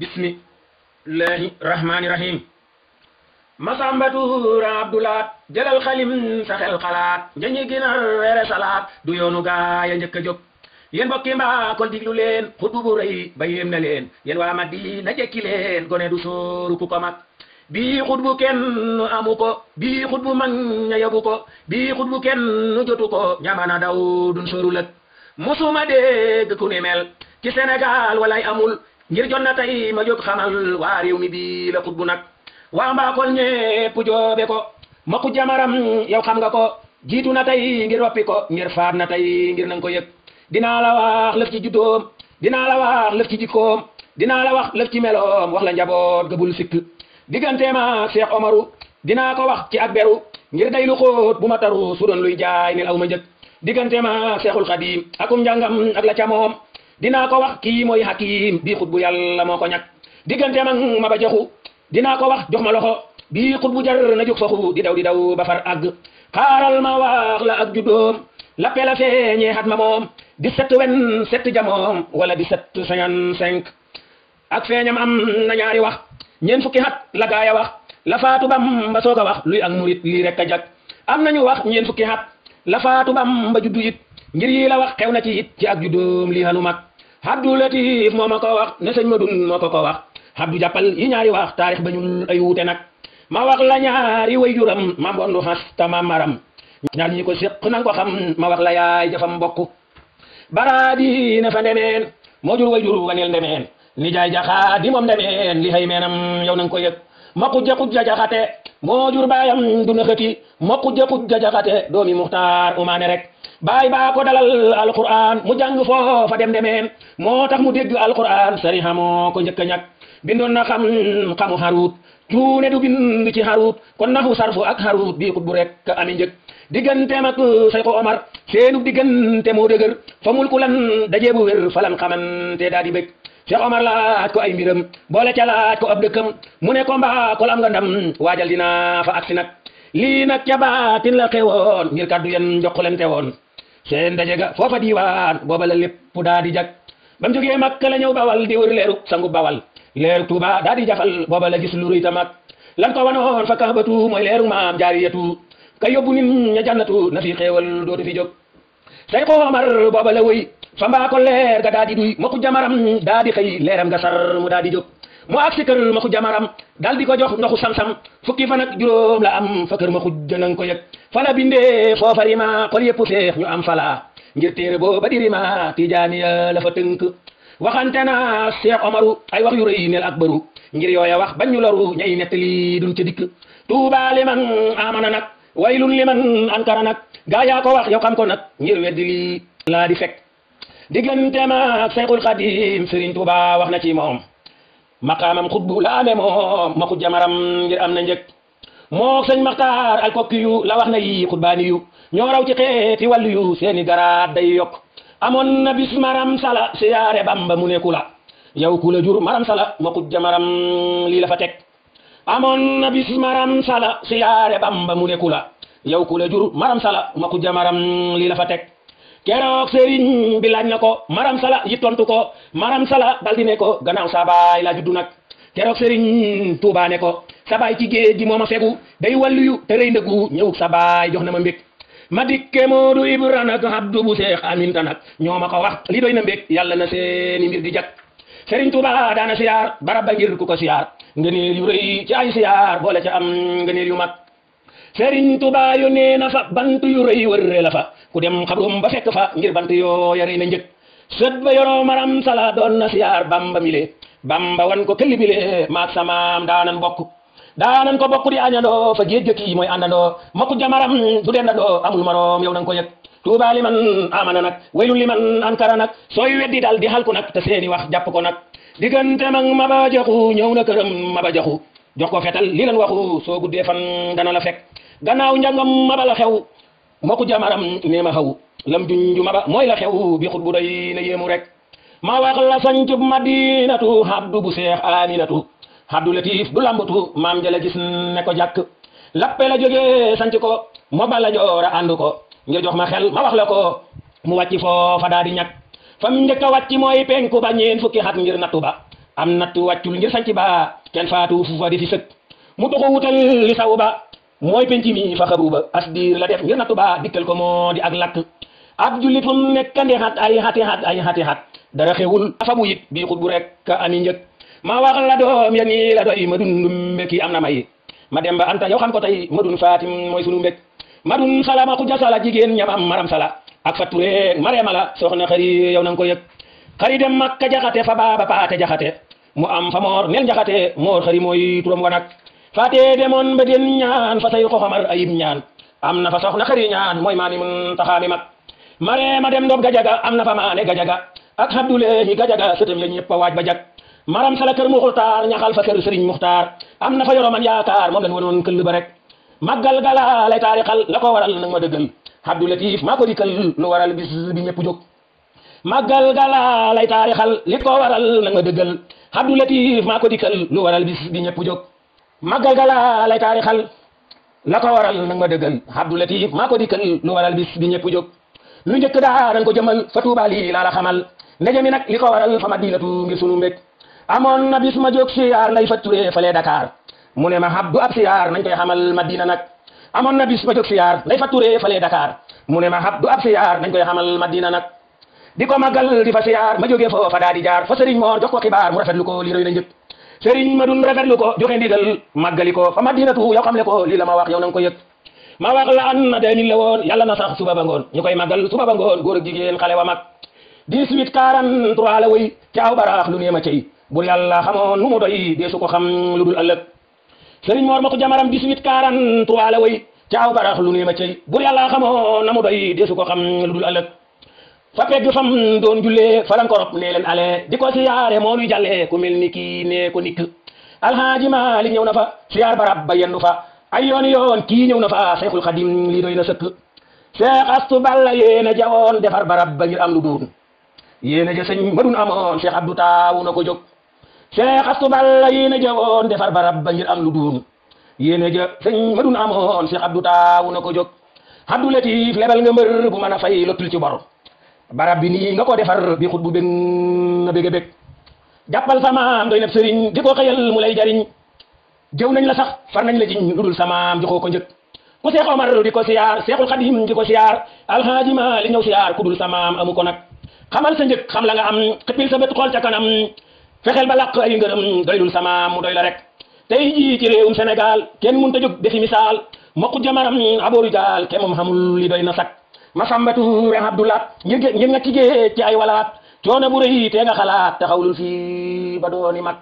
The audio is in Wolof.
bismillahi rahmaani rahim masambatuura abdulaat jëlal xalim sa xel xalaat njañi ginar were salaat du yoonu gaaya njëkk a jóg yéen mbokki mbaakol diglu leen xutbu bu rëy ba yéem na leen yéen waa Madina jekki leen gone du sóoru ku ko mag bii xutbu kenn amu ko bii xutbu mag ña yabu ko bii xutbu kenn jotu ko ñamana daw dun sóoru lëg musuma dégg ku ni mel ci Sénégal amul ngir jot na tey ma jóg xamal waa réew mi bii la xutbu nag waa mbaakol ñépp joobe ko ma ku jamaram yow xam nga ko jiitu na tey ngir woppi ko ngir faat na tey ngir nanga ko yëg dinaa la wax lëf ci juddoom dinaa la wax lëf ci jikkoom dinaa la wax lëf ci meloom wax la njaboot gëbul sikk digganteem ak Cheikh Omaru dinaa ko wax ci ak beru ngir day lu xóot bu ma taru su luy jaay nel aw ma njëg digganteem ak Cheikhul Xadim akum njàngam ak la ca moom dinaa ko wax kii mooy hakim bii xut bu yàlla moo ko ñàkk diggante mag ma ba jaxu dinaa ko wax jox ma loxo bii xut bu jar na jóg faxu di daw di daw ba far àgg xaaral ma wax la ak juddoom la pela feeñee xat ma moom dix-sept vingt-sept jamoom wala dix-sept cinquante-cinq ak feeñam am na ñaari wax ñeent fukki xat la gaaya wax la faatu Bamba soog a wax luy ak murit lii rek a jag am nañu wax ñeent fukki xat la faatu Bamba juddu it ngir yi wax xew na ci it ci ak juddoom lii Abdou Latif moo ma ko wax ne sëñ ma dun moo ko ko wax Abdou jàppal yi ñaari wax taarix ba ñul ay wuute nag ma wax la ñaari way juram ma mbondu xasta ma maram ñaar ñi ko séq nang ko xam ma wax la yaay jafam mbokk baraadi ne fa ndemeen moo jur way jur waneel ndemeen ni jaay jaxaat di moom ndemeen li xëy meenam yow nang ko yëg ma xujja xujja jaxate moo jur baayam duna xëti ma xujja xujja jaxate doomi muxtaar umaane rek baay baa ko dalal alquran mu jàng foofa dem demeen moo tax mu dégg alquran sariha moo ko njëkk a ñàkk bindoon na xam xamu harut cuune du bind ci harut kon nafu sarfu ak harut bii xut bu rek ami njëkk digganteem ak Sayxu Omar seenu diggante moo dëgër fa mul dajee bu wér falan xamante daa di bëgg Cheikh Omar laaj ko ay mbiram boole ca laaj ko ab dëkkam mu ne ko mbaa kol am nga waajal dinaa fa aksi nag lii nag ca baatin la xewoon ngir kaddu yen woon seen ndaje ga foofa diiwaan booba la lépp daa di jag ba mu jógee Makka la ñëw bawal di wër leeru sangu bawal leeru Tuuba daa di jafal booba la gis lu rëy ta mag lan ko wanoon fa kaabatu mooy leeru maam jaariyatu ka yóbbu nit ña jannatu na fi xéewal dootu fi jóg say xoomar booba la wëy fa mbaa ko leer ga daa di duy mokku jamaram daa di xëy leeram ga sar mu daa di moo agsi kër ma xu jamaram dal di ko jox ndoxu sam-sam fukki fan ak juróom la am fa kër ma xu jënan ko yëg fala bindee foofarima xol yëpp seex ñu am fala ngir téere booba dirima tijaaniya la fa tënk waxante na Cheikh Omaru ay wax yu nel ak bëru ngir yooya wax bañ ñu loru ñay nettali duñ ci dikk tuuba liman amana nag waylun liman ankara nag gaa yaa ko wax yo xam ko nag ngir weddi lii laa di fek diggante ma Seexul Xadim Sëriñ Tuuba wax na ci moom maqaamam xutbu laame moom maxu jamaram ngir am na njëg moo sëñ maxtaar alkokki yu la wax na yi xutbaani yu ñoo ci xeeti wàllu yu seeni garaat day yokk amoon na bis maram sala siyaare bamba mu ne ku la yow ku la jur maram sala maxu jamaram lii la fa teg na bis maram sala siyaare la yow ku la jur maram lii la fa teg keroog sëriñ bi laaj na ko maram sala yi ko maram sala daldi ne ko gannaaw saa baay laa juddu nag keroog sëriñ Tuubaa ne ko sa baay ci géej gi moo ma fegu day wàlluyu te rëy ndëggu ñëwug sa baay jox na ma mbég ma dikke moodu ibra nag abdu bu seex aminta nag ñoo ma ko wax li doy na mbég yàlla na seeni mbir di jag sëriñ Tuubaa daana siyaar barab ngir ku ko siyaar ngëneel yu rëy ci ay siyaar boole ca am ngëneel yu mag sëriñ Tuubaa yu na fa bant yu rëy wër la fa ku dem xabrum ba fekk fa ngir bant yoo yare na njëkk sët yo yoroo maram sala doon na siyaar bamba mile bamba wan ko këlli bile maak samaam daanan bokk daanan ko bokk di añandoo fa géej gi mooy àndandoo mokku na du dendandoo ma maroom yow nang ko yëg Tuubaa li man amana nag waylun li man ankara nag sooy weddi dal di halku nag ta seeni wax jàpp ko nag diggante mag maba jaxu ñëw na këram maba jaxu jox ko fetal li lan waxu soo guddee fan dana la fekk gannaaw njàngam maba la xew mbokku jamaram neema xaw lam junju maba mooy la xew bi xut bu doy na yéemu rek ma wax la sancub madinatu habdu bu seex aminatu habdu latif du lambatu maam jëla gis ne ko jàkk lappe la jógee sanc ko mo bala joor a ànd ko nga jox ma xel ma wax la ko mu wàcc foofa daa di ñàkk fam njëkk a wàcc mooy penku ba ñeen fukki xat ngir nattu ba am nattu wàccul ngir sanc ba kenn faatu fu fa di fi sëkk mu doxu wutal li ba mooy penc mi fa xabu ba as la def ngir nattu ba dikkal ko moo di ak lakk ab jullit fu mu nekk kandee xat ay xati xat ay xati xat dara xewul afa mu yit bii xut bu rek ami njëg ma wax la doom ya nii la doy ma dun mbekki am na may ma dem ba anta yow xam ko tey ma dun fatim mooy sunu mbek ma dun sala ma xuja sala jigéen ñamam maram sala ak fature marema la soxna xari yow nang ko yëg xari dem makka jaxate fa baaba paate jaxate mu am fa faatee demoon ba den ñaan fa say ko xamar ayib ñaan am na fa soxna xëri ñaan mooy maami mun taxaami mag maree ma dem ndob gajaga am na fa maane gajaga ak abdulehi gajaga sëtam ya a waaj ba jag maram sala kër muxtaar ñaxal fa kër sëriñ muxtaar am na fa yoroman yaakaar moom lañ wanoon këll ba rek màggal gala lay taarixal la ko waral nag ma dëggal abdu latif maa ko dikkal lu waral bis bi ñëpp jóg màggal gala lay taarixal li ko waral ma dëggal abdu latif maa ko dikkal lu waral bis bi ñëpp màggal ga laa lay taarixal la ko waral nag ma dëggal Abdou Latif maa ko dikkal lu waral bis bi ñëpp jóg lu njëkk daa dañ ko jëmal fa Tuuba lii laa la xamal ndaje mi nag li ko waral fa ma diilatu ngir sunu mbég amoon na bis ma jóg siyaar lay fatturee fale Dakar mu ne ma Abdou ab siyaar nañ koy na bis ma jóg siyaar Dakar mu ne ma Abdou ab siyaar nañ koy xamal Madina nag di ko màggal di fa siyaar ma jógee foofa daa di jaar fa sëriñ Moor jox ko xibaar mu rafetlu ko lii rëy na njëkk sëriñ ma dun rafetlu ko joxe ndigal màggali ko fa madinatu yow xam le ko lii la ma wax yow na nga ko yëg ma wax la an na 2000 la woon yàlla na sax suba ba ngoon ñu koy màggal suba ba ngoon góor ak jigéen xale wa mag 18 caaw baraax lu neema cey bur yàlla xamoon nu mu doy deesu ko xam lu dul ëllëg sëriñ caaw baraax lu neema cey bur yàlla xamoon na mu doy deesu ko lu dul ëllëg fa pegg fam doon jullee farankorop nee leen ale di ko siyaare moo nuy jàllee ku mel ni kii nee ko nikk alhaaji Maalik ñëw na fa siyaar barab ba yendu fa ay yoon yoon kii ñëw na fa Seexul Xadim lii doy na sëkk Seex Astu Balla yéena jawoon defar barab ba ngir am lu duun yéena ja sëñ madun amoon Seex Abdu taawu na ko jóg Seex Astu Balla yéena jawoon defar barab ba ngir am lu duun yéena ja sëñ madun amoon Seex Abdu taawu na ko jóg Abdu Latif lebal nga mbër bu mën a fay lottul ci bor barab bi nii nga ko defar bi xut bu bég na bége bég jàppal samaam doy na sëriñ di mu lay jariñ jëw nañ la sax far nañ la jiñ lu samaam joxoo ko njëkk ku seex Omar ko siyaar seexul xadim di ko siyaar alxaaji ma li ñëw siyaar ku samaam amu ko nag xamal sa njëkk xam la am xëppil sa bët xool ca kanam fexeel ba làq ay ngërëm doylul samaam mu doy la rek te jii ci réewum Sénégal kenn mënut a jóg defi misaal mokku jamaram abooru jaal kenn moom xamul na sak masambatu ren abdoulat yëg yëg nga tigee ci ay walaat coono bu rëy te nga xalaat taxawlul fii ba dooni mag